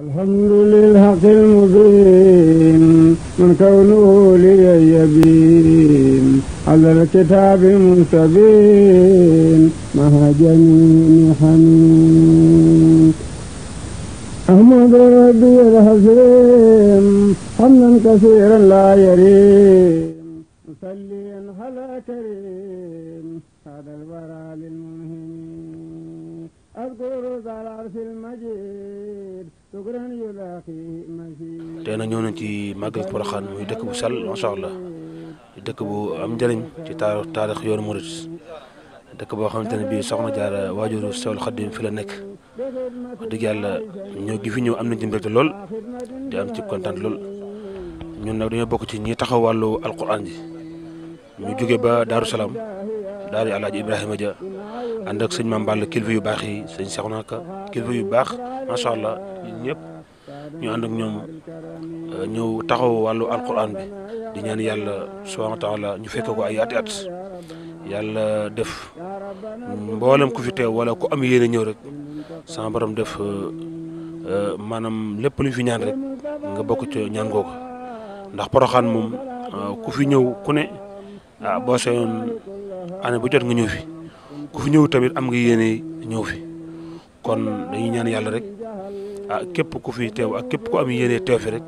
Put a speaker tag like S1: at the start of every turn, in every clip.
S1: الحمد للحق المبين من كونه لي يبين على الكتاب منتبين مع جميع حميد أحمد ربي الحسين حمدا كثيرا لا يريم مسليا على كريم هذا الورى للمهمين أذكر ذا العرش المجيد
S2: tey na ñëw ci màggal Porokhane muy dëkk bu sell macha allah dëkk bu am njëriñ ci taarix taarix yoonu murit dëkk boo xamante ne bii soxna jaara waajuru sewul xaddim fi la nekk wax dëgg yàlla ñoo gi fi ñëw am na ci mbégte lool di am ci kontaan lool ñun nag dañoo bokk ci ñi taxaw wàllu alquran ji ñu jóge ba Daaru Salaam daaru Alaaji Ibrahima Dia ànd ak sëñ ma Balla kilifa yu baax yi sëñ Seexuna Ka kilifa yu baax macha allah ñun ñëpp ñu ànd ak ñoom euh, ñëw taxaw wàllu alquran bi di ñaan yàlla subhaana taala ñu fekk ko ay ati at yàlla def mboolem ku fi teew wala ku am yéene ñëw rek sama borom def euh, euh, maanaam lépp lu fi ñaan rek nga bokk ci ñaan googu ndax poroxaan moom ku fi ñëw ku ne. waaw ah, boo seyoon année bu jot nga ñëw fi ku fi ñëw tamit am nga yéene ñëw fi kon dañuy ñaan yàlla rek a ah, képp ku fi teew ak képp ku am yéene teew fi rek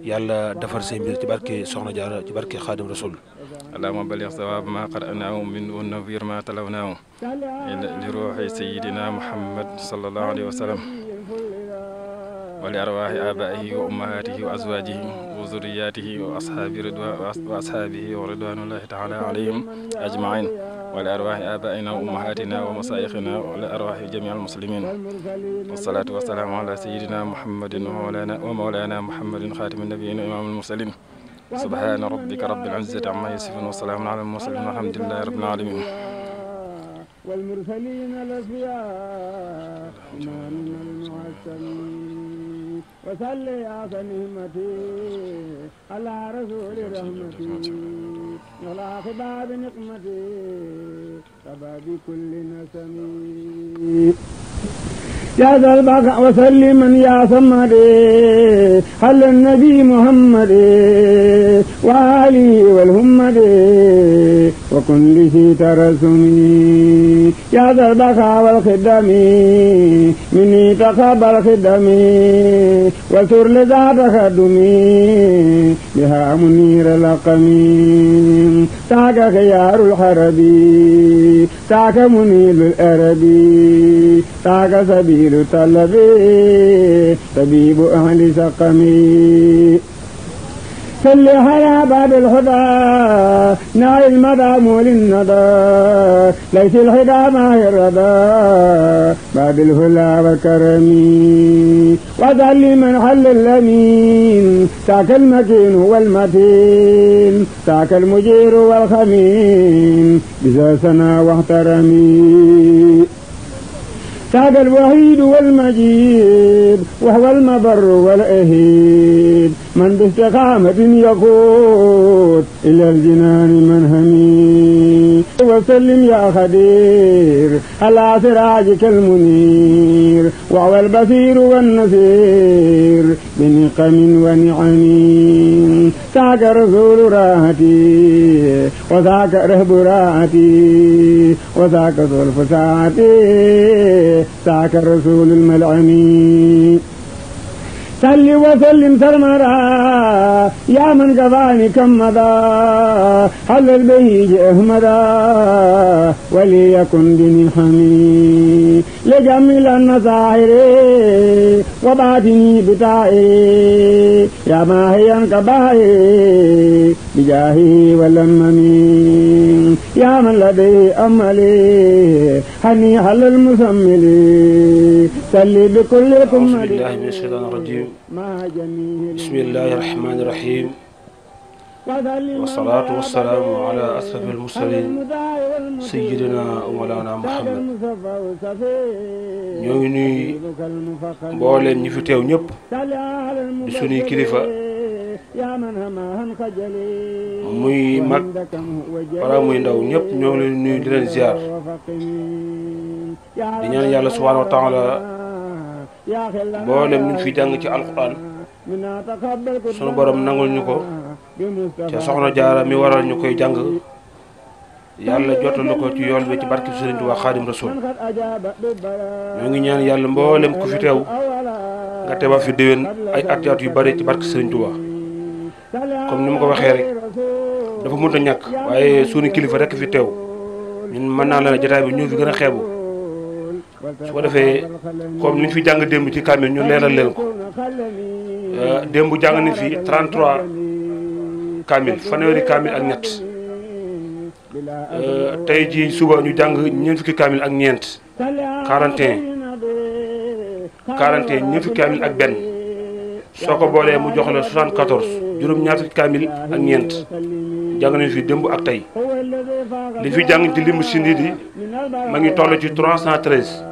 S2: yàlla defar say mbir ci barke Soxna Jaara ci barke Xaadim Rasul allahuma balix sawaab ma qara'naahu min wa nawir ma talawnaahu li ruuxi sayidina muhammad sallallahu alayhi wa sallam wa li arwaaxi wa ummahaatihi wa azwaajihi zurriyatihi wa ashaabi ridwa wa ashaabihi wa ridwanullahi taala alayhim ajmain wa li arwahi abaina wa ummahatina wa masayikhina wa li arwahi jami almuslimin wassalatu wassalaamu ala sayidina muhammadin wa mawlana muhammadin xaatimi nabiyin wa imam almursalin subhana rabbika rabbil izzati amma yasifun wa salaamun ala almursalin walhamdulillahi rabbil alamin
S1: والمرسلين الأسبياء من المعسلين وصل يا نهمتي على رسول رحمتي ولا خباب نقمتي فبا بكل نسمي يا ذا البقاء وسلما يا صمد على النبي محمد وآله والهمد وكن به ترسمي يا ذا البقاء والخدم مني تقبل خدمي وسر لذا تخدمي بها منير لقمي تاك خيار الحربي تاك منيل الأربي تاك سبيل خير طلبي طبيب أهل سقمي صل على باب الهدى نعي المدى مول الندى ليس الهدى ما هي الردى باب الهلا وكرمي وذل من حل اللمين ذاك المكين هو المتين ذاك المجير والخمين بزاسنا واحترمي ساد الوحيد والمجيد وهو المبر والأهيد من باستقامة يقود إلى الجنان من هميد وسلم يا خدير على سراجك المنير وهو البصير والنصير بنقم ونعم ذاك رسول راحتي وذاك رهب راحتي وذاك ذو الفساعة ذاك رسول الملعمين صل وسلم سرمدا يا من قضاني كم مضى حلل به أهمدا وليكن بمنحمي لجمل النصائر وبعدني بتائي يا ماهي الكبائر بجاهه والأمم يا من لديه أملي هني على المزمل سلي بكل كمل أعوذ بالله
S2: من الشيطان الرجيم
S1: بسم الله الرحمن الرحيم
S2: والصلاة والسلام على أسف المرسلين سيدنا ومولانا محمد ñoo ngi nuyu mbooleem ñi fi teew ñëpp
S1: di sunuy kilifa
S2: muy mag wala muy ndaw ñëpp ñoo leen nuyu di leen ziar di ñaan yàlla subhaanahu wa taala
S1: mboolem ñu fi
S2: jàng ci alquran sunu borom nangul ñu ko ca soxna jaara mi waral ñu koy jàng yàlla jotal ko ci yool bi ci barke Sëriñ Tuubaa Xaadim Rasuul ñoo ngi ñaan yàlla mboolem ku fi teew nga teewaat fi déwén ay at yu bari ci barke Sëriñ comme ni ma ko waxee rek dafa mënut a ñàkk waaye sunu kilifa rek fi teew ñun mën naa la jotaay bi ñu fi gën a xeebu
S1: su ko defee comme ni fi jàng démb ci kamil ñu leeral leen ko
S2: euh, démb jàng nañ fi 33 kamil fanweeri kamil ak ñett euh, tey jii suba ñu jàng ñeent fukki kamil ak ñeent 41 41 ñeent fukki kamil ak benn. soo ko boolee mu jox la 74 juróom-ñaar fukki kaamil ak ñeent jàng nañu fi démb ak tey li fi jàng ji limbu si nit yi ma ngi toll ci 313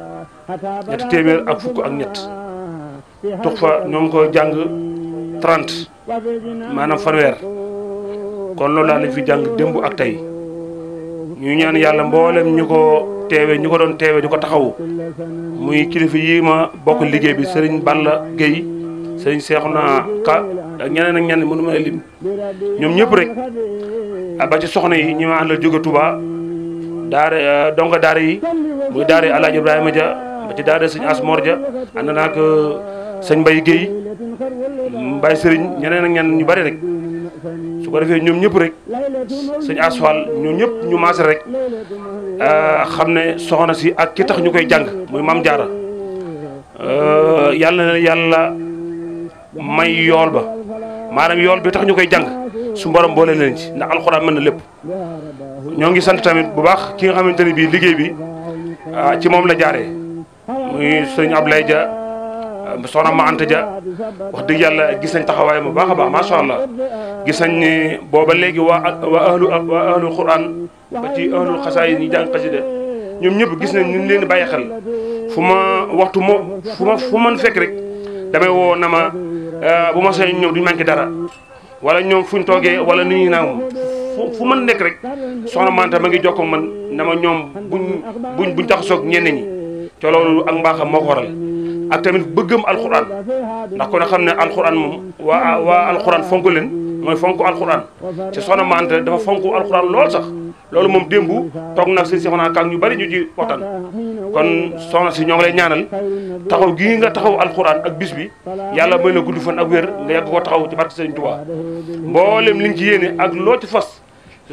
S2: ñetti téeméer ak fukk ak ñett tux fa ñoo ngi ko jàng 30 maanaam fanweer kon loolu laa lañ fi jàng démb ak tey ñu ñaan yàlla mboolem ñu ko teewe ñu ko doon teewe di ko taxawu muy kilifa yi ma bokk liggéey bi Serigne Balla Gueye sëriñ Seexuna Ka ak ñeneen ak ñeneen mënu ma lim ñoom ñëpp rek ah, a ci soxna yi ñi ma àndal jóge Touba daare euh, donga daare yi muy daare Alaaji Ibrahima Dia ba ci daare ak euh, sëñ Mbaye Guèye Mbaye Sëriñ ñeneen ak ñu bari rek su ko defee ñoom ñëpp rek sëñ Asfal ñoom ñëpp ñu maase rek euh, xam ne soxna si ak ki tax ñu koy jàng mooy Maam Jaara yàlla yàlla may yool ba maanaam yool bi tax ñu koy jàng su borom boole leen ci ndax alxuraan mën na lépp ñoo ngi sant tamit bu baax ki nga xamante ne bii liggéey bi ah, ci moom la jaare sëñ Ablaye Dia ah, soxna ma Anta Dia wax dëgg yàlla gis nañ taxawaay bu baax a baax macha allah gis nañ ni booba léegi waa waa ahlu waa ahlul quran ba ci ahlul xasaay ñi jàng xasida ñoom ñëpp gis nañ ñu leen di bàyyi xel fu ma waxtu moo fu ma fu man fekk rek. damay woo na ma euh, bu ma sañoon ñëw duñ manqué dara wala ñoom fuñ toogee wala ni ñuy naan fu fu mën nekk rek soxna Manta ma ngi ko man na ma ñoom buñ buñ buñ tax soog ñenn ñi te loolu ak mbaaxam moo ko ak tamit bëggam alxuraan ndax ko ne xam ne alxuraan moom waa waa alxuraan fonku leen mooy fonk alxuraan te soxna Manta dafa fonk alxuraan lool sax. loolu moom démb toog nag si soxna kaag ñu bari ñu ji waxtaan kon soxna si ñoo lay ñaanal taxaw gii nga taxaw alxuraan ak bis bi yàlla may la gudd fan ak wér nga yàgg ko taxaw ci barke Sëriñ Tuubaa mboolem li ak loo ci fas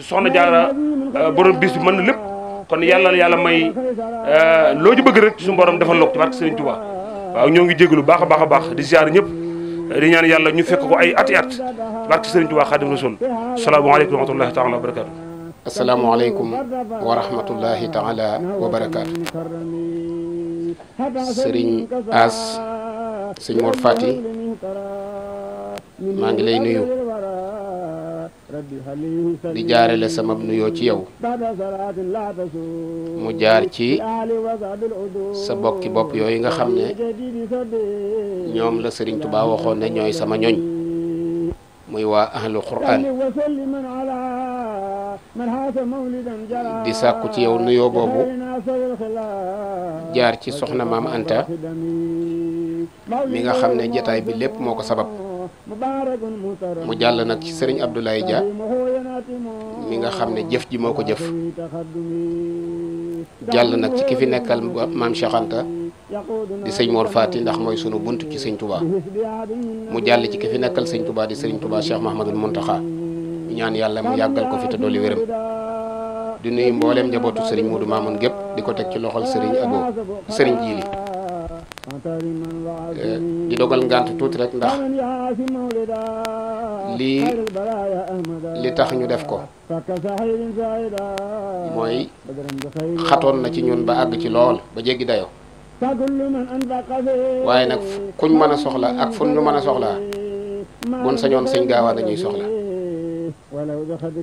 S2: soxna jaara euh, borom bis bi mën na lépp kon yàlla yàlla may euh, loo ci bëgg rek suñu borom defal lok ci barke Sëriñ Tuubaa waaw ñoo ngi jégalu baax a baax a baax di ziar ñëpp. di ñaan yàlla ñu fekk ko ay ati at barke Sëriñ Tuubaa Xaadimu Rasuul salaamu aleykum wa
S3: rahmatullaahi taala wa asalaamualeykum wa rahmatullahi taala wa barakaatu
S1: sëriñ As
S3: sëñ Mor Fati maa ngi lay nuyu di jaarale sama nuyoo ci yow mu jaar ci sa bokki bopp yooyu nga xam ne ñoom la sëriñ Tuubaa waxoon ne ñooy sama ñoñ muy waa ahlu quran di sàkku ci yow nuyoo boobu jaar ci soxna maam Anta mi nga xam ne jataay bi lépp moo ko sabab mu jàll nag ci sëriñ Abdoulaye Dia mi nga xam ne jëf ji moo ko jëf jàll nag ci ki fi nekkal maam Cheikh Anta di sëñ Mor Fati ndax mooy sunu bunt ci sëñ Touba mu jàll ci ki nekkal sëñ Touba di sëriñ Touba Cheikh Mahamadul Muntaxa ñaan yàlla mu yàggal ko fi te wéram di nuyu mbooleem njabootu sëriñ Modou Mamoun gépp di ko teg ci loxol sëriñ Abo sëriñ Jiili Eh, di dogal ngànt tuuti rek ndax li tax ñu def ko mooy xatoon na ci ñun ba àgg ci lool ba jéggi dayoo waaye nag kuñ mën a soxla ak fuñ ñu mën a soxlaa buñ sañoon sëñ gaawaa dañuy soxla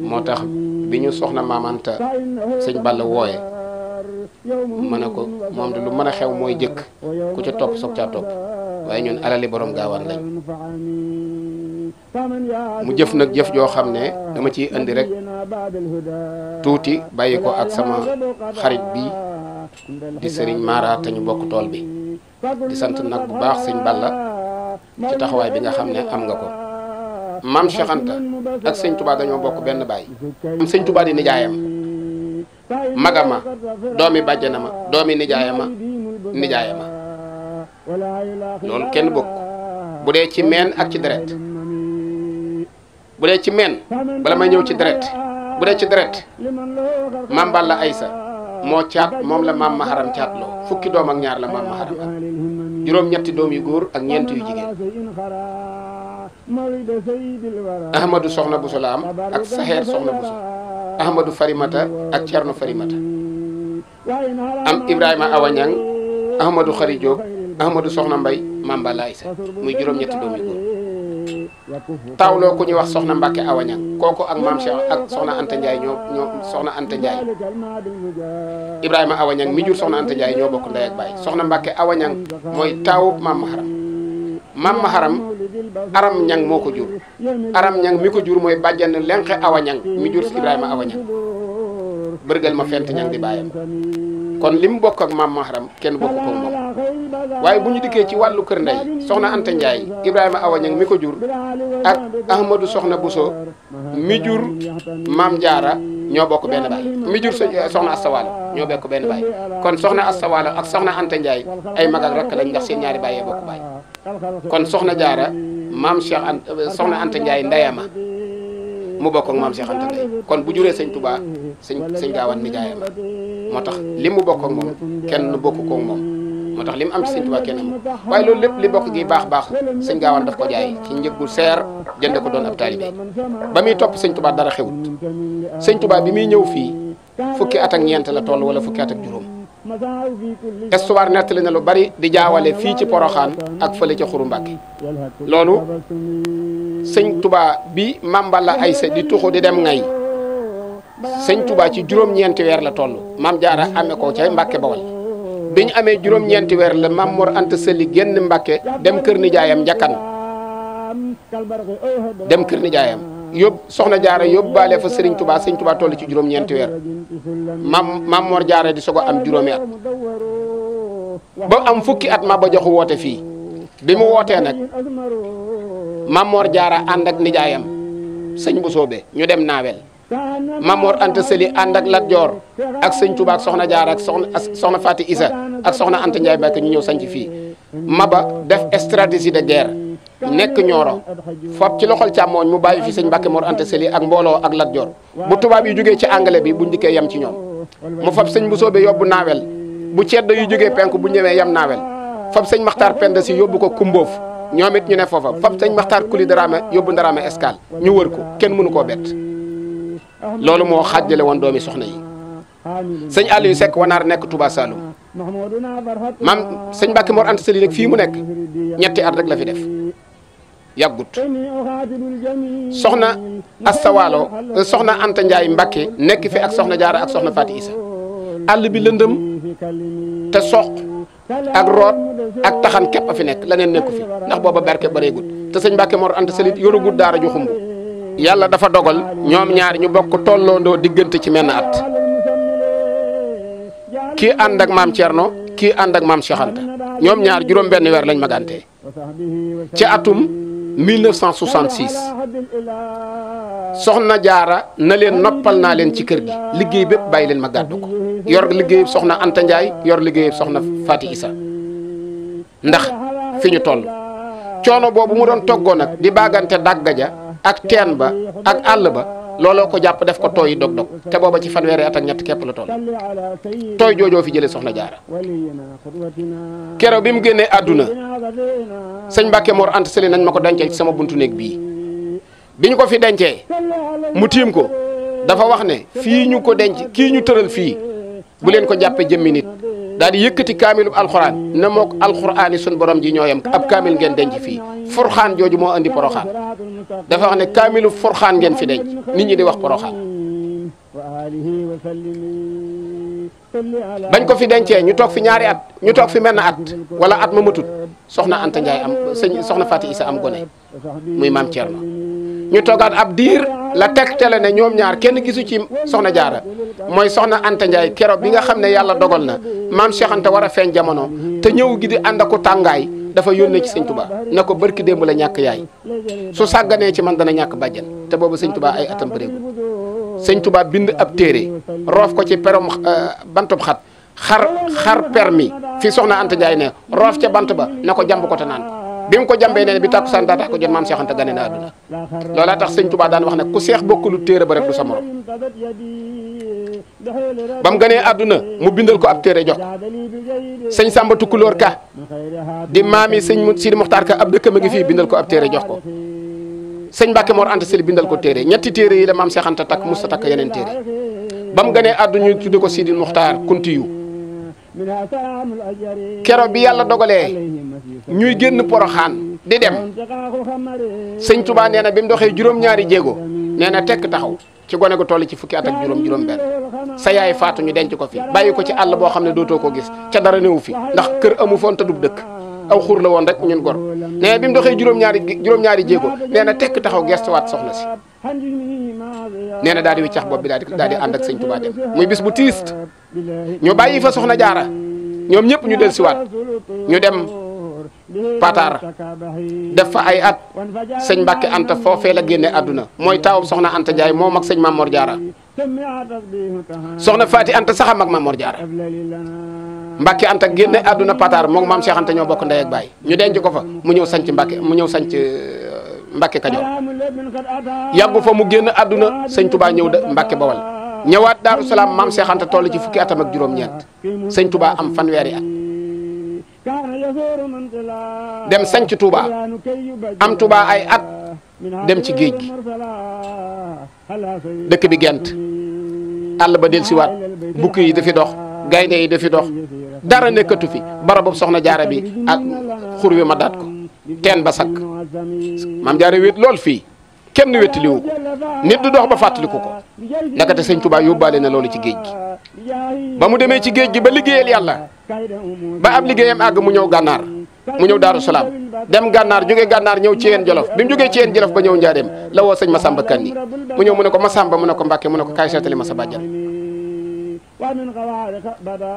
S3: moo tax bi ñu soxna maamanta sëñ Balla wooye mën a ko moom te lu mën a xew mooy jëkk ku ca topp soog caa topp waaye ñun alali borom gaawaan lañ mu jëf nag jëf joo xam ne dama ciy indi rek tuuti bàyyi ko ak sama xarit bi di sëriñ Mara te ñu bokk tool bi di sant nag bu baax sëñ Balla ci taxawaay bi nga xam ne am nga ko maam Cheikh Anta ak sëñ Touba dañoo bokk benn baay sëñ Touba di nijaayam magama doomi ma doomi nijaayama nijaayama loolu kenn bokk bu dee ci meen ak ci deret bu dee ci meen bala may ñëw ci deret bu dee ci deret maam Balla Aysa moo caat moom la maam Maharam caat loo fukki doom ak ñaar la maam Maharam juróom-ñetti doom yu góor ak ñeent yu
S1: jigéen Ahmadou
S3: soxna Bousso la am ak Saxeer soxna Bousso Ahmadou Farimata ak Thierno Farimata am Ibrahima Awañang Ahmadou Khary Diop Ahmadou Soxna Mbay Mamba Laysa muy juróom-ñetti doomi góor tawloo ku ñuy wax Soxna Mbacke Awañang kooku ak maam Cheikh ak Soxna Anta Ndiaye ñoo ñoo Soxna Anta Ndiaye Ibrahima Awañang mi jur Soxna Anta Ndiaye ñoo bokk ndey baay Soxna Mbacke Awañang mooy taawu maam Maharam maam ma haram aram ñang moo ko jur aram ñang mi ko jur mooy bàjjan lenqe awa ñang mi jur ibrahima awa ñang bërgal ma fent ñang di bàyyam kon li mu bokk ak ma haram kenn bokk moom waaye bu ñu dikkee ci wàllu kër ndey soxna anta njaay ibrahima awa ñang mi ko jur ak ahmadou soxna buso mi jur maam jaara ñoo bokk benn baay mi jur soxna astawaalo ñoo bokk benn baay kon soxna astawaalo ak soxna anta njaay ay magal ak rakk lañ ndax seen ñaari baay yee bokk baay kon soxna jaara maam Cheikh Anta soxna Anta Ndiaye ndeyama mu bokk ak maam Cheikh Anta Ndeye kon bu juree sëñ Touba sëñ sëñ gaawaan nijaayama moo tax li mu bokk ak moom kenn nu bokk koog moom moo tax li mu am ci sëñ Touba kenn am waaye loolu lépp li bokk gi baax baax sëñ gaawaan daf ko jaay ci njëggu seer jënd ko doon ab taalibe ba muy topp sëñ Touba dara xewut sëñ Touba bi muy ñëw fii fukki at ak ñeent la toll wala fukki at juróom histoire nettali na lu bari di jaawale fii ci poroxaan ak fële ca xuru mbàkke loolu sëñ tubaa bi mambala aysa di tuxu di dem ngay sëñ tubaa ci juróom-ñeenti weer la toll mam jaara amee ko cay mbàkke bawal bi ñu amee juróom-ñeenti weer la maam mor anta sëli génn mbàkke dem kër nijaayam njakkan dem kër nijaayam yób soxna jaara yóbbaale fa Serigne Touba Serigne Touba toll ci juróom-ñeenti weer maam maam Mor jaara di sogo am juróomi at ba am fukki at ma ba joxu woote fii bi mu wootee nag maam jaara ànd ak nijaayam sëñ bu soobee ñu dem naawel maam Mor Anta Sëli ànd ak Lat Joor ak sëñ Touba ak soxna jaara ak soxna ak soxna Fati Isa ak soxna Anta Ndiaye Mbacke ñu ñëw sanc fii Maba def stratégie de guerre. nekk Nioro fab ci loxol càmmooñ mu bàyyi fi sëñ Mbàkke Mor Anta Sali ak mbooloo ak Lat Joor bu tubaab yi jógee ci anglais bi buñ dikkee yem ci ñoom mu fab sëñ bu soobee yóbbu naawel bu ceddo yu jógee penk bu ñëwee yem naawel fab sëñ Maxtaar Penda yóbbu ko Kumboof ñoom it ñu ne foofa fab sëñ Maxtaar Kuli Dramé yóbbu Dramé Escale ñu wër ko kenn mënu koo bett loolu moo xaajale woon doomi soxna yi sëñ Aliou Seck wanaar nekk Touba Saloum maam mu nekk ñetti at rek la yàggut soxna Astawaalo soxna Anta Ndiaye Mbacke nekk fi ak soxna jaaro ak soxna Faati Isa àll bi lëndëm te soq ak root ak taxan képp a fi nekk leneen nekku fi ndax booba barke bareegut te sëñ Mbacke Mor Anta Salit yorugut daara ju xumb yàlla dafa dogal ñoom ñaar ñu bokk tolloondoo diggante ci menn at kii ànd ak maam Thierno kii ànd ak maam Cheikh ñoom ñaar juróom benn weer lañ magante ci atum 1966 soxna jaara na leen noppal naa leen ci kër gi liggéey bépp bàyyi leen ma gàddu ko yor liggéeyub soxna Anta Ndiaye yor liggéeyub soxna Fati Isa ndax fi ñu toll coono boobu mu doon toggoo nag di baagante dàggaja ak teen ba ak àll ba looloo ko jàpp def ko tooy dog-dog te booba ci fanweeri at ak ñett képp la toll tooy joojoo fi jëlee soxna jaara keroo bi mu génnee àdduna sëñ Mbàkke Mor Anta Sali nañ ma ko dencee ci sama buntu néeg bii bi ñu ko fi dencee mu tiim ko dafa wax ne fii ñu ko denc kii ñu tëral fii bu leen ko jàppee jëmmi nit daal di yëkkati kaamilu alxuraan na mook alxuraan yi sunu borom ji ñooyam ab kaamil ngeen denc fii forxaan jooju moo andi poroxaan dafa wax ne kaamilu forxaan ngeen fi denc nit ñi di wax poroxaan bañ ko fi dencee ñu toog fi ñaari at ñu toog fi menn at wala at ma matut soxna Anta Ndiaye am sëñ soxna Fatou Issa am gone muy maam Thierno ñu toogaat ab diir. la tegtale ne ñoom ñaar kenn gisu ci soxna jaara mooy soxna Anta Ndiaye keroog bi nga xam ne yàlla dogal na maam Cheikh war a feeñ jamono te ñëw gi di ànd ak tàngaay dafa yónnee ci sëñ Tuba na ko barki démb la ñàkk yaay su sàgganee ci man dana ñàkk bàjjen te boobu sëñ Tuba ay atam bëreegul sëñ Tuba bind ab téere roof ko ci perom euh, bantub xat xar xar permi fi soxna Anta Ndiaye ne roof ca bant ba na ko jàmb ko te naan bi mu ko jàmbee nee na bi tàkkusaan daa tax ko jot maam seexanta Anta gane na àdduna loolaa tax sëñ Touba daan wax ne ku seex bokkulu téere ba rek du sa morom ba mu ganee àdduna mu bindal ko ab téere jox sëñ Samba Tukulóor Ka di maami sëñ Sidi Moxtaar Ka ab dëkkam a ngi fii bindal ko ab téere jox ko sëñ Mbàkke Mor Anta Sali bindal ko téere ñetti téere yi la maam seexanta Anta takk sa takk yeneen téere ba mu ganee àdduna ñu tudde ko Sidi Moxtaar Kuntiyu kero bi yàlla dogalee ñuy génn poroxaan di dem sëñ Tuubaa nee na bi mu doxee juróom-ñaari jéego nee na tekk taxaw ci gone gu toll ci fukki atak juróom-juróom benn sa yaay faatu ñu denc ko fi bàyyi ko ci àll boo xam ne dootoo ko gis ca dara newu fi ndax kër amu foon te dub dëkk aw xur la woon rek ñun gor nee na bi mu doxee juróom-ñaari juróom-ñaari jéego nee tekk taxaw gestuwaat soxna si nee na daal di wiccax bopp bi daal di daal di ànd ak sëñ Tuubaa dem muy bis bu tiist ñu bàyyi fa soxna jaara ñoom ñëpp ñu siwaat ñu dem Pataar def fa ay at sëñ Mbàkke Anta foofee la génne àdduna mooy taawam soxna Anta Jaay moom ak sëñ Mamor Jaara soxna Faati Anta sax am ak Mamor Jaara Mbàkke Anta génne àdduna Pataar moom maam Cheikh Anta ñoo bokk ndey ak baay ñu denc ko fa mu ñëw sanc Mbàkke mu ñëw sanc euh, Mbàkke Kajoor yàggu fa mu génn àdduna sëñ Tubaa ñëw de Mbàkke Bawal ñëwaat Daaru Salaam maam Cheikh Anta toll ci fukki atam ak juróom-ñeent sëñ Touba am fanweeri at dem sañc Touba am Touba ay at dem ci géej gi dëkk bi gent àll ba dellusiwaat bukki yi dafi dox gaynde yi dafi dox dara nekkatu fi barab boobu soxna jaara bi ak xur wi ma daat ko teen ba sakk maam jaara wéet lool fii kenn wettaliwu ko nit du dox ba fàttaliku ko ndakate sëñ Tuubaa yóbbaale na loolu ci géej gi ba mu demee ci géej gi ba liggéeyal yàlla ba ab liggéeyam àgg mu ñëw gànnaar mu ñëw daaru salaam dem gànnaar jóge gànnaar ñëw ci yeen jolof bi jógee ci jolof ba ñëw njaareem la woo sëñ Masamba Kanni mu ñëw mu ne ko Masamba mu ne ko Mbàkke mu ne ko kaay seetali ma sa bàjjan ومن قواعد بدا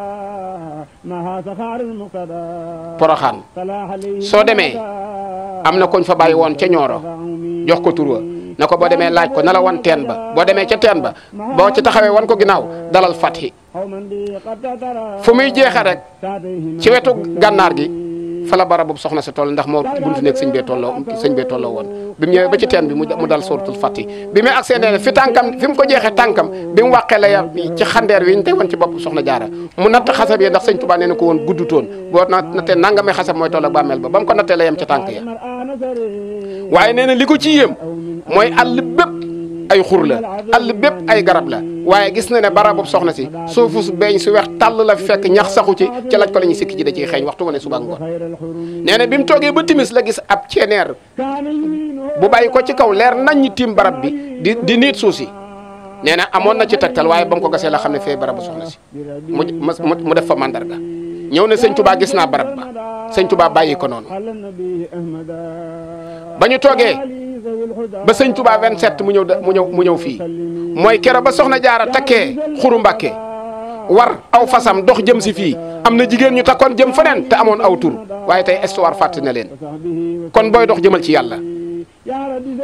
S3: poroxaan soo demee am na koñ fa bàyyi woon ca ñooro jox ko tur na ko boo demee laaj ko nala la wan teen ba boo demee ca teen ba boo ci taxawee wan ko ginnaaw dalal fathi fu muy jeexe rek ci wetu gànnaar gi fa la barab boobu soxna si toll ndax moo buntu nekk sëñ bee tolloo sëñ bee tolloo woon bi mu ñëwee ba ci teen bi mu dal sóoratul fàtti bi muy agsee nee fi tànkam fi ko jeexee tànkam bi mu wàqee xasab yi ndax sëñ Tuubaa nee ko woon guddutoon boo nattee nangamee xasab mooy tolloo bàmmeel ba ba ko nattee la yem tànk ya waaye nee na ci yéem mooy àll bépp ay xur la àll bépp ay garab la waaye gis na ne barabu soxna si suufu su beeñ su weex tàll la fekk ñax saxu ci ci laaj ko la ñuy sikki ji da ciy xeeñ waxtu wane suba ngoon nee na bi mu toogee ba timis la gis ab ceeneer bu bàyyi ko ci kaw leer nañ ñi tiim barab bi di di niit suuf si nee na amoon na ci tegtal waaye ba ko gasee la xam ne fee barabu soxna si mu mu def fa mandarga ñëw ne sëñ tubaa gis naa barab ba sëñ Touba bàyyi ko noonu ba ñu toogee. ba sëñ Touba 27 mu ñëw mu ñëw mu ñëw fii mooy kero ba soxna jaara takkee xuru mbàkke war aw fasam dox jëm si fii am na jigéen ñu takkoon jëm feneen te amoon aw tur waaye tey histoire fàtte na leen kon booy dox jëmal ci yàlla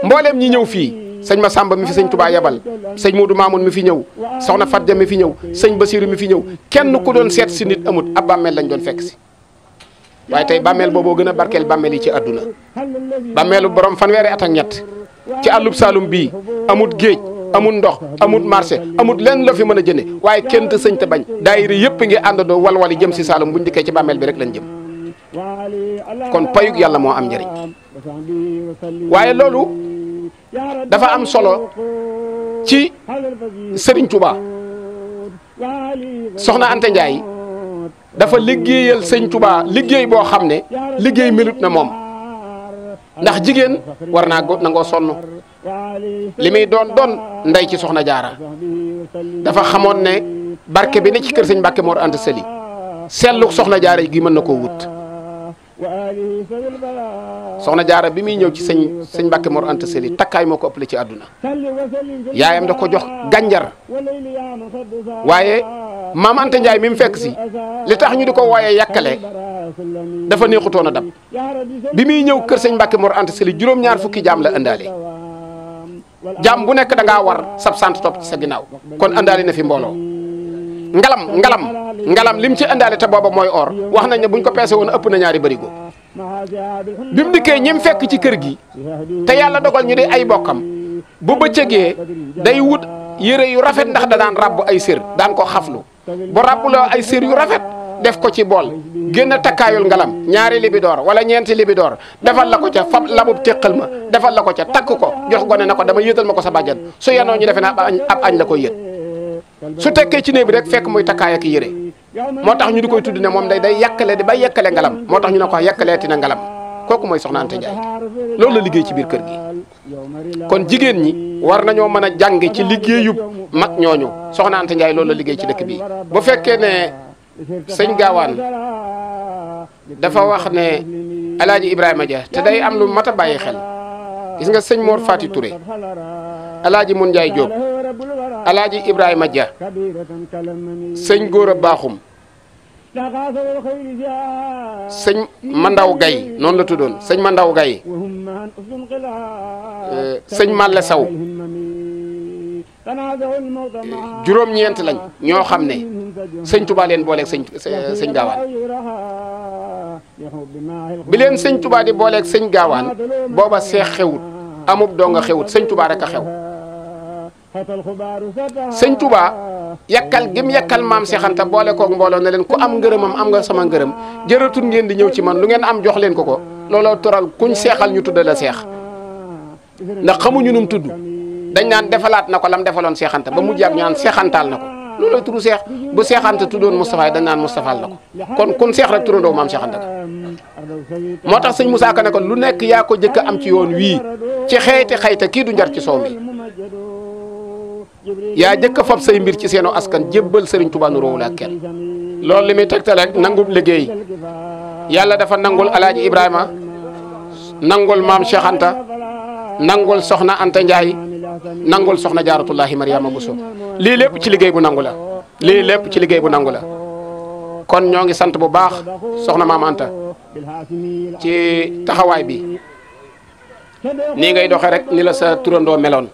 S3: mbooleem ñi ñëw fii sëñ ma Massamba mi fi sëñ Touba yebal sëñ Modou Mamoun mi fi ñëw soxna Fatja mi fi ñëw sëñ ba Basiru mi fi ñëw kenn ku doon seet si nit amut ab bàmmeel lañ doon fekk si waaye tey bàmmeel booboo gën a barkeel bàmmeel yi ci àdduna bàmmeelu borom fanweeri at ak ñett ci àllub saalum bii amut géej amut ndox amut marché amut lenn la fi mën a jëne waaye kenn te sëñ te bañ daayira yëpp ngi àndandoo walwali jëm si saalum bu njëkkee ci bàmmeel bi rek lañ jëm kon payug yàlla moo am njëriñ waaye loolu dafa am solo ci Serigne Touba soxna Anta dafa liggéeyal sëñ tubaa liggéey boo xam ne liggéey melut na moom ndax jigéen war naa nangoo sonn li muy doon doon ndey ci soxna jaara dafa xamoon ne barke bi ne ci kër sëñ Mbàkke Mor Anta Sali selluk soxna jaara gi mën na koo wut soxna jaara bi muy ñëw ci sëñ sëñ Mbàkke moor Anta Sali takkaay moo ko ëppale ci àdduna yaayam da ko jox gànjar waaye maam Anta Ndiaye mi mu fekk si li tax ñu di ko wooyee yàkkale dafa neexutoon a dab bi muy ñëw kër sëñ Mbàkke Mor Anta Sali juróom-ñaar fukki jaam la indaale jaam bu nekk da ngaa war sab sant topp sa ginnaaw kon indaale na fi mbooloo ngalam ngalam ngalam lim ci indaale te booba mooy or wax nañ ne buñ ko peese woon ëpp na ñaari bërigo bi mu dikkee ñi fekk ci kër gi te yàlla dogal ñu di ay bokkam bu bëccëgee day wut yére yu rafet ndax da daan ràbb ay sér daan ko xaflu boo bu ràbbuloo ay sër yu rafet def ko ci bool génn takkaayul ngalam ñaari libidoor wala ñeenti libidoor defal la ko ca fab labub téqal ma defal la ko ca takk ko jox gone na ko dama yëtal ma ko sa bàjjan su yenoo ñu defe na ab añ la koy yët su tekkee ci néeg bi rek fekk muy takkaay ak yére moo tax ñu di koy tudd ne moom day day yàkkale di bay yàkkale ngalam moo tax ñu ne ko yàkkaleeti na ngalam kooku mooy soxna Anta Ndiaye loolu la liggéey ci biir kër kon jigéen ñi war nañoo mën a jàng ci liggéeyub mag ñooñu soxna Anta Ndiaye loolu la liggéey ci dëkk bi boo fekkee ne sëñ gaawaan dafa wax ne alaaji Ibrahima Dia te day am lu mat a bàyyi xel gis nga sëñ Mor Fati Touré alaaji Mun Ndiaye Diop alaaji Ibrahima Dia sëñ a Baaxum sëñ Mandaw gay noonu la tuddoon sëñ Mandaw Gaye eh, sëñ Malle Saw juróom-ñeent lañ ñoo xam ne sëñ Touba leen booleeg sëñ sëñ gaawaan bi leen sëñ Touba di booleeg sëñ gaawaan booba seex xewut amub doo nga xewut sëñ Touba rek xew. sëñ Touba yàkkal gim yàkkal maam Cheikh boole koog mbooloo ne leen ku am ngërëmam am nga sama ngërëm jërëtul ngeen di ñëw ci man lu ngeen am jox leen ko ko looloo toral kuñ seexal ñu tudda la seex ndax xamuñu num tudd dañ naan defalaat na ko lam defaloon Cheikh ba mujj ak ñaan naan seexantaal na ko looloo turu seex bu Cheikh Anta tuddoon Moustapha dañ naan Moustapha na ko kon kun seex rek turandoo maam Cheikh Anta moo tax sëñ Moussa ko ne ko lu nekk yaa ko jëkk am ci yoon wii ci xeyti xayta kii du njar ci soow mi yaa jëkk a fab say mbir ci seeno askan jébbal Serigne Touba nu roowul ak kenn lool li muy tegtal rek liggéey yàlla dafa nangul alaaji Ibrahima nangul maam Cheikh Anta nangul soxna Anta Ndiaye nangul soxna Jaaratullaahi Mariama Bousso lii lépp ci liggéey bu nangu la lii lépp ci liggéey bu nangu la kon ñoo ngi sant bu baax soxna maam Anta ci taxawaay bi nii ngay doxe rek ni la sa turandoo meloon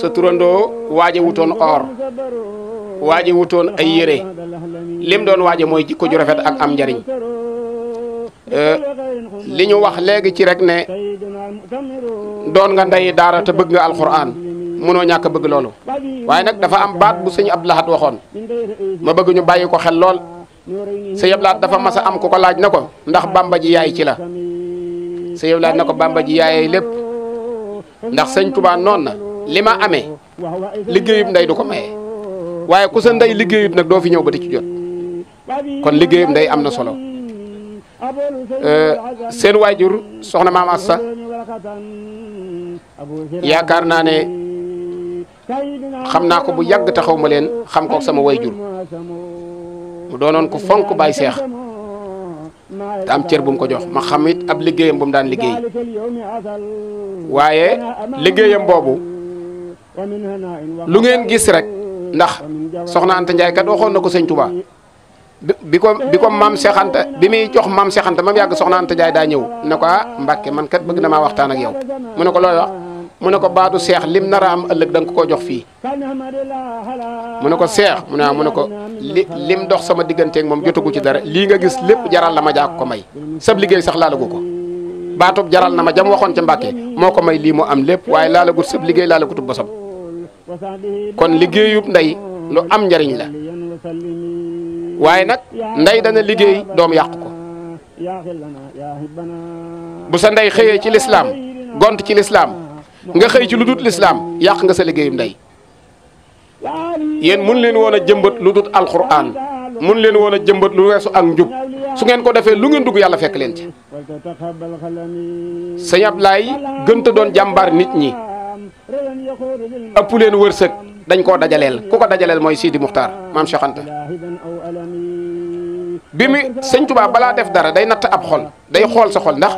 S3: sa turandoo waaje wutoon or waaje wutoon ay yére lim doon waaje mooy jikko ju rafet ak am njariñ li ñu wax léegi ci rek ne doon nga ndey daara te bëgg nga alxuraan mënoo ñàkk bëgg loolu waaye nag dafa am baat bu sëñ Abdou Lahad waxoon ma bëgg ñu bàyyi ko xel lool sëñ Abdou dafa mas am ko ko laaj na ko ndax Bàmba ji yaay ci la sa yow laaj na ko bàmba ji yaayee lépp ndax sëñ Tuubaa noon na li ma amee liggéeyub ndey du ko maye waaye ku sa nday liggéeyut nag doo fi ñëw ba di ci jot kon liggéeyub ndey am na solo euh, seen waajur soxna maam Assa yaakaar naa ne xam naa ko bu yàgg taxaw ma leen xam ko sama waajur mu doonoon ko fonk baay seex
S1: te am cër bu mu ko
S3: jox ma xam it ab liggéeyam bu mu daan liggéey waaye liggéeyam boobu lu ngeen gis rek ndax soxna Anta Ndiaye kat waxoon na ko sëñ Touba bi ko bi ko maam Cheikh Anta bi muy jox maam Cheikh Anta ma yàgg soxna Anta Ndiaye daa ñëw ne ko ah Mbàkke man kat bëgg na maa waxtaan ak yow mu ne ko looy wax. mu ne ko baatu seex lim nar am ëllëg da nga ko jox fii mu ne ko seex mu ne mu ne ko li lim dox sama digganteek moom jotagu ci dara lii nga gis lépp jaral na ma jaak ko may sab liggéey sax laalagu ko baatub jaral na ma jam waxoon ca Mbàkke moo ko may lii mu am lépp waaye laalagut sab liggéey laalagutub bosam kon liggéeyub ndey lu am njariñ la waaye nag ndey dana liggéey doom yàq ko bu sa ndey xëyee ci lislaam gont ci lislaam nga xëy ci lu dut lislaam yàq nga sa liggéeyum ndey yéen mun leen woon a jëmbat lu dut alxuraan mun leen woon a jëmbat lu weesu ak njub su ngeen ko defee lu ngeen dugg yàlla fekk leen ci sëñ Ablaay gënta doon jàmbaar nit ñi ëpp leen wërsëg dañ koo dajaleel ku ko dajaleel mooy Sidi Muxtaar maam Cheikh bi mu sëñ Tuubaa balaa def dara day natt ab xol day xool sa xol ndax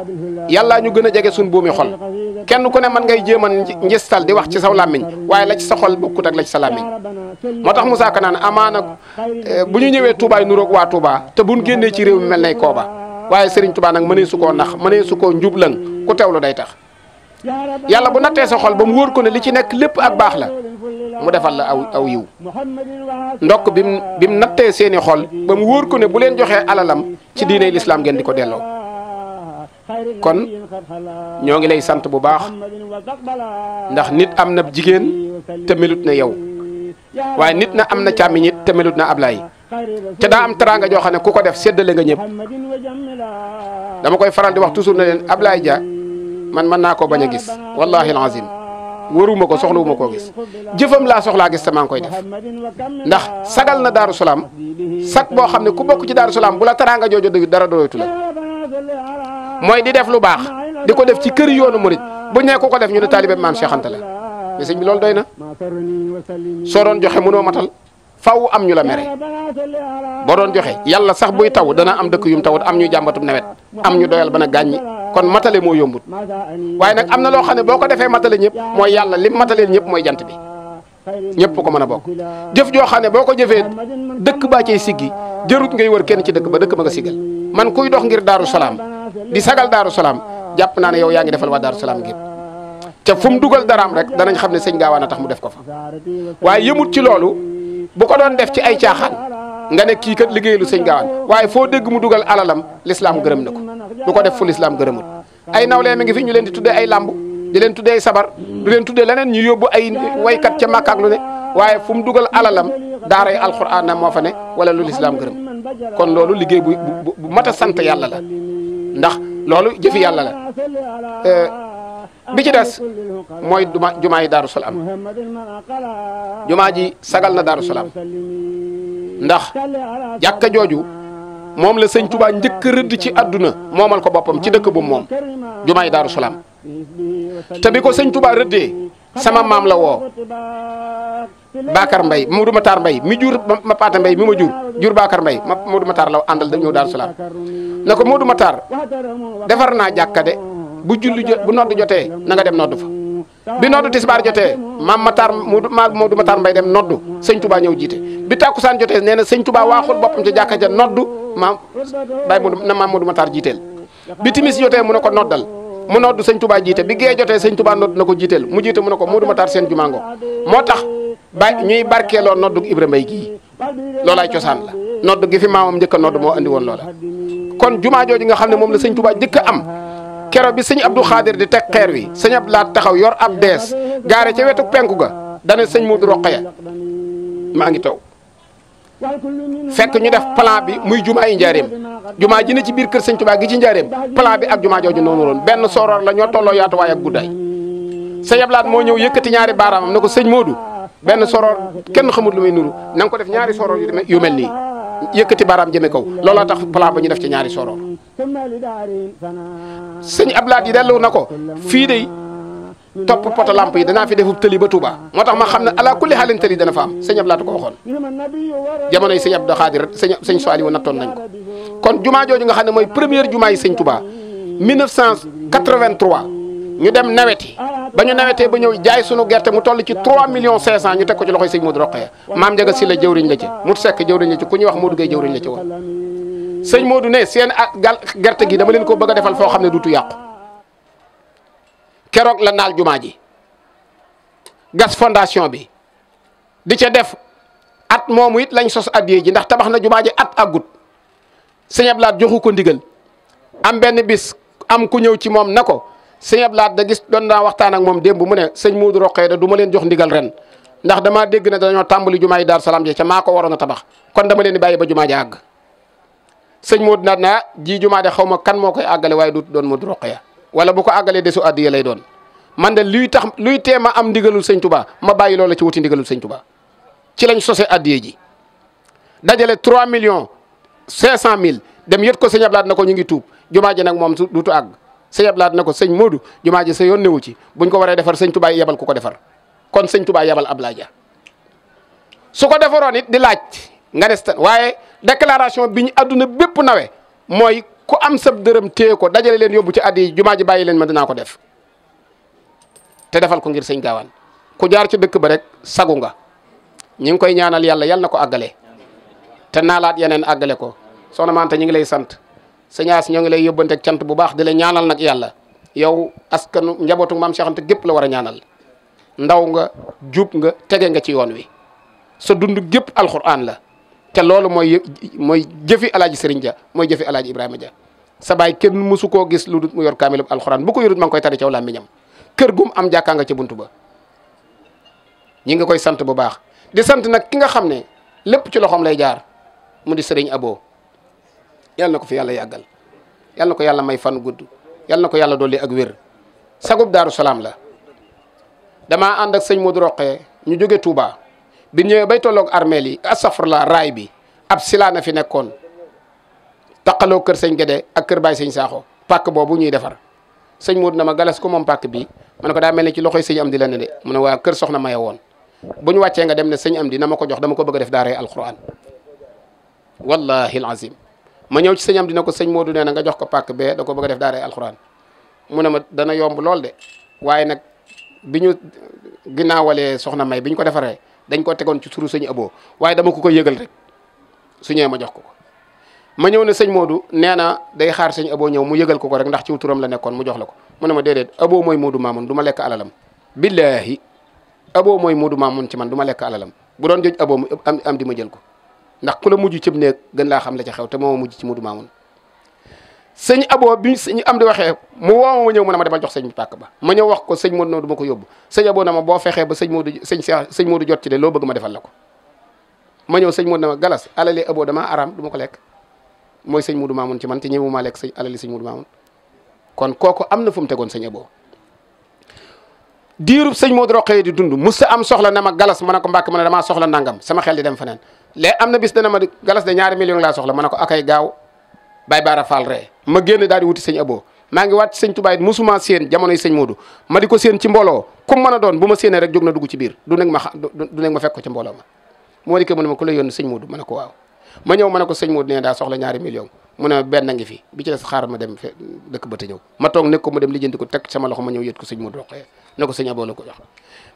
S3: yàllaa ñu gën a jege suñ buumi xol kenn ku ne mën ngay jéem a njistal di wax ci saw làmmiñ waaye la ci sa xol bokkut sa làmmiñ moo tax Moussa Ka naan amaana eh, bu ñu ñëwee Touba yi nuroog waa Touba te buñ génnee ci réew mi mel nay Kooba waaye sëriñ Touba nag mënee su koo nax mënee su koo njublan ku teewlu day tax yàlla bu nattee sa xol ba mu wóor ko ne li ci nekk lépp ak baax la mu defal la aw aw yiw ndokk bi mu bi mu nattee seeni xol ba mu wóor ko ne bu leen joxee alalam ci diine lislaam ngeen di ko delloo kon ñoo ngi lay sant bu baax ndax nit am na jigéen te melut na yow waaye nit na am na càmmiñ it te melut na Ablaay te daa am teraanga joo xam ne ku ko def séddale nga ñëpp dama koy faral di wax toujours ne leen Ablaay Dia man mën naa ko bañ a gis wallahi alazim waruma ko soxla soxlawuma koo gis jëfam laa soxlaa gis te maa koy def ndax sagal na Daaru Salaam sag boo xam ne ku bokk ci Daaru Salaam bu la taraanga joojo dëgg dara doyatu la mooy di def lu baax di ko def ci kër yoonu murit bu ñu nee ku ko def ñu ne taalibe maam Cheikh Anta la mais loolu doy na soo doon joxe mënoo matal faw am ñu la mere boo doon joxe yàlla sax buy taw dana am dëkk yum taw am ñu jàmbatum nawet am ñu doyal bana gàññi kon matale moo yombut waaye nag am na loo xam ne boo ko defee matale ñëpp mooy yàlla lim mataleel ñëpp mooy jant bi ñëpp ko mën a bokk jëf joo xam ne boo ko jëfee dëkk baa cay siggi jërut ngay wër kenn ci dëkk ba dëkk ba nga siggal man kuy dox ngir daaru salaam di sagal daaru salaam jàpp naa ne yow yaa ngi defal waa daaru salaam ngir te fu mu dugal daraam rek danañ xam ne sëñ gaawaan a tax mu def ko fa waaye yëmut ci loolu bu ko doon def ci ay caaxaan nga ne kii kat liggéeyalu sëñ gaawaan waaye foo dégg mu dugal alalam lislaam gërëm na du ko def fu lislaam gërëmut ay nawlee mi ngi fi ñu leen di tuddee ay lamb di leen tuddee sabar di leen tuddee leneen ñu yóbbu ay waykat ca màkkaak lu ne waaye fu mu dugal alalam daaray alquran na moo fa ne wala lu lislaam gërëm kon loolu liggéey bu bu mat a sant yàlla la ndax loolu jëfi yàlla la bi ci des mooy duma jumaa yi daaru salaam jumaa ji sagal na daaru salaam ndax jàkka jooju moom la sëñ Touba njëkk rëdd ci àdduna moomal ko boppam ci dëkk bu moom jumaay Daaru Salaam te bi ko sëñ Touba rëddee sama maam la woo Bakar Mbay Modou Matar Mbay mi jur ma Paata Mbay mi ma jur jur Bakar Mbay ma Modou Matar la àndal da ñëw Daaru Salaam na ko ma Matar defar naa jàkka de bu julli jot bu nodd jotee na nga dem nodd fa bi noddu tisbaar jotee maam Matar Moodu maag Moodu Matar Mbay dem noddu sëñ Touba ñëw jiite bi tàkkusaan jotee nee na sëñ Touba waaxul boppam ca jàkka ja noddu maam
S4: Baye Moodu na maam
S3: Moodu Matar jiiteel bi timis jotee mu ne ko noddal mu noddu sëñ Touba jiite bi gee jotee sëñ Touba nodd na jiiteel mu jiite mu ne ko Moodu Matar seen jumango moo tax ba ñuy barkeeloo noddu Ibra Mbay gii loolaay cosaan la noddu gi fi maamam njëkk a nodd moo andi woon loola kon nga xam ne moom la sëñ Touba njëkk a kero bi sëñ Abdou Khadir di teg xeer wi sëñ laat taxaw yor ab dees gaare ca wetu penku ga dane sëñ Modou Rokhaya maa ngi taw fekk ñu def plan bi muy jumaa yi njaareem jumaa ji ne ci biir kër sëñ Tuubaa gi ci njaareem plan bi ak jumaa jooju noonu woon benn sooroor la ñoo tolloo yaatuwaay ak guddaay sëñ laat moo ñëw yëkkati ñaari baaraamam na ko sëñ Modou benn sooroor kenn xamut lu may nuru na ko def ñaari sooroor yu mel nii yëkkati baaraam jëme kaw looloo tax plan ba ñu def ci ñaari soroor sëñ Ablaat yi dellu na ko fii de topp poto lamp yi danaa fi defub tëli ba Touba moo tax ma xam ne ala kulli xaalin tëli dana fa am sëñ Ablaat ko waxoon jamono yi sëñ Abdou Xaadir sëñ sëñ Saaliwu nattoon nañ ko kon jumaa jooju nga xam ne mooy première jumaa yi sëñ Touba 1983 ñu dem naweti ba ñu nawetee ba ñëw jaay sunu gerte mu toll ci 3 millions 500 ñu teg ko ci loxoy sëñ Modou Rokhaya maam Njaga si la sekk jëwriñ la ci ku ñuy wax Modou Gueye jëwriñ la ci woon sëñ Modou ne seen gerte gi dama leen ko bëgg a defal foo xam ne duutu yàqu keroog la naal jumaa ji gas fondation bi di ca def at moomu it lañ sos addiyee ji ndax tabax na jumaa ji at agut sëñ Ablaat joxu ko ndigal am benn bis am ku ñëw ci moom na ko sëñ Ablaat da gis doon naa waxtaan ak moom démb mu ne sëñ Muudu Roqee da du ma leen jox ndigal ren ndax damaa dégg ne dañoo tàmbali jumaa yi Daaru Salaam ji ca maa ko waroon a tabax kon dama leen di bàyyi ba jumaa ji àgg sëñ Muudu na naa ah, ji jumaa de xaw ma kan moo koy àggale waaye du doon Muudu Roqee wala bu ko àggalee desu addiya lay doon man de luy tax luy tee ma am ndigalul sëñ Tuubaa ma bàyyi loola ci wuti ndigalul sëñ Tuubaa ci lañ sose addiya ji dajale 3 millions 500 mille dem yët ko sëñ Ablaat na ko ñu ngi tuub jumaa ji nag moom dutu àgg sëñ Ablaat na ko sëñ Modou jumaa ji sa yoon newu ci buñ ko waree defar sëñ Touba yebal ku ko defar kon sëñ Touba yebal Ablaye Dia su ko defaroon it di laaj nga des waaye déclaration bi ñu àdduna bépp nawe mooy ku am sab dërëm téye ko dajale leen yóbbu ci at yi jumaa ji bàyyi leen ma dinaa ko def te defal ko ngir sëñ gaawaan ku jaar ci dëkk ba rek sagu nga ñi ngi koy ñaanal yàlla yal na ko àggale te laat yeneen àggale ko soxna Mante ñi ngi lay sant. sañaas ñoo ngi lay yóbbanteeg sant bu baax di la ñaanal nag yàlla yow askanu njabootu maam Cheikh gépp la war a ñaanal ndaw nga jub nga tege nga ci yoon wi sa dund gépp alxuraan la te loolu mooy mooy jëfi alaaji Sëriñ Ja mooy jëfi alaaji Ibrahima Ja sa baay kenn mësu koo gis lu dul mu yor kaamilub alxuraan bu ko yorut ma ngi koy tari caw làmmiñam kër gum am jàkkaa nga ca bunt ba ñi nga koy sant bu baax di sant nag ki nga xam ne lépp ci loxoom lay jaar mu di Sëriñ Abo yal na ko fi yàlla yàggal yal ko yàlla may fan gudd yal na ko yàlla dolli ak wér sagub daaru salaam la damaa ànd ak sëñ Modou Roqee ñu jóge Touba bi ñëwee bay tolloog armeel yi astafurla raay bi ab silaa na fi nekkoon taqaloo kër sëñ Gede ak kër Baye sëñ Saaxo pàkk boobu ñuy defar sëñ Modou na ma galas ko moom pàkk bi ma ne ko daa mel ni ci loxo sëñ am di la ne de mu ne waa kër soxna maye woon bu ñu wàccee nga dem ne sëñ am di na ma ko jox dama ko bëgg def daaray alquran wallahi ma ñëw ci sëñam dina ko sëñ Modou nee na nga jox ko pàkk bee da ko bëgg a def daaray alxuraan mu ne ma dana yomb lool de waaye nag bi ñu ginnaawale soxna May bi ñu ko defaree dañ ko tegoon ci suru sëñ Abo waaye dama ko ko yëgal rek su ma jox ko ko. ma ñëw na sëñ Modou nee na day xaar sëñ Abo ñëw mu yëgal ko ko rek ndax ciw la nekkoon mu jox la ko mu ne ma déedéet Abo mooy Modou Mamoun du ma lekk alalam. billaahi Abo mooy Modou Mamoun ci man du ma lekk bu doon joj Abo am am di ma jël ko. ndax ku la mujj cib néeg gën laa xam la ca xew te mooma mujj ci mudu maamun sëñ aboo bi sëñ am di waxee mu woo ma ñëw mu ne ma demal jox sëñ bi pàkk ba ma ñëw wax ko sëñ Modou du ma ko yóbbu sëñ ma boo fexee ba sëñ Modou sëñ Cheikh sëñ Modou jot ci de loo bëgg ma defal la ko ma ñëw sëñ Modou na ma galas alali aboo damaa aram du ma ko lekk mooy sëñ Modou Mamoun ci man te ma lekk sëñ alali sëñ Modou kon kooku am na fu mu tegoon sëñ aboo diirub sëñ Modou Rokhaya di dund mos sa am soxla na ma galas ma ne ko mbakk ma ne damaa soxla nangam sama xel di dem feneen léegi am na bis dana ma galas de ñaari million laa soxla ma ko akay gaaw bay baara faal ree ma génn daal di wuti sëñ aboo maa ngi wàcc sëñ tubaay musuma séen jamono yi sëñ moodu ma di ko séen ci mbooloo kum mën a doon bu ma séenee rek jóg na biir du nekk ma du nekk ma fekk ko ko mu sëñ moodu ma ne ko waaw ma ñëw ma ne ko sëñ moodu nee daa soxla dem fe dëkk ba ma toog nekk ko ma ko teg sama loxo ma ñëw yët ko sëñ aboo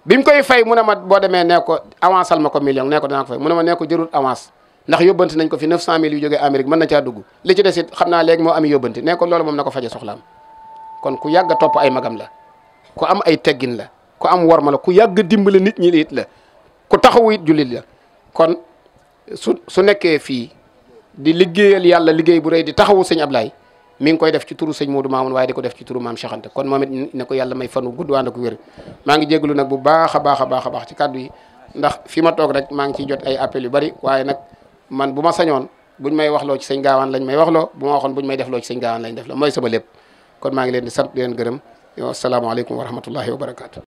S3: bi mu koy fay mu ne ma boo demee nee ko avance al ma ko million nee ko danaa ko fay mu ne ma nee ko jërul avance ndax yóbbanti nañ ko fi 900000 yu jógee Amérique mën na caa dugg li ci de it xam naa léegi moo ami yóbbanti nee ko loolu moom na ko faje soxlaam kon ku yàgg topp ay magam la ku am ay teggin la ku am worma la ku yàgg dimbale nit ñi it la ku taxawu it jullit la kon su su nekkee fii di liggéeyal yàlla liggéey bu rey di taxawu sëñ Ablaye mi ngi koy def ci turu sëñ Modou Mamoun waaye di ko def ci turu maam Cheikh kon moom it ne ko yàlla may fanu gudd ànd ak wér maa ngi jégalu nag bu baax a baax a baax a baax ci kàddu yi ndax fi ma toog rek maa ngi ciy jot ay appel yu bari waaye nag man bu ma sañoon buñ may waxloo ci sëñ gaawaan lañ may waxloo bu ma waxoon buñ may defloo ci sëñ gaawaan lañ def la mooy sama lépp kon maa ngi leen di sant di leen gërëm asalaamaaleykum wa rahmatullahi wa barakaatu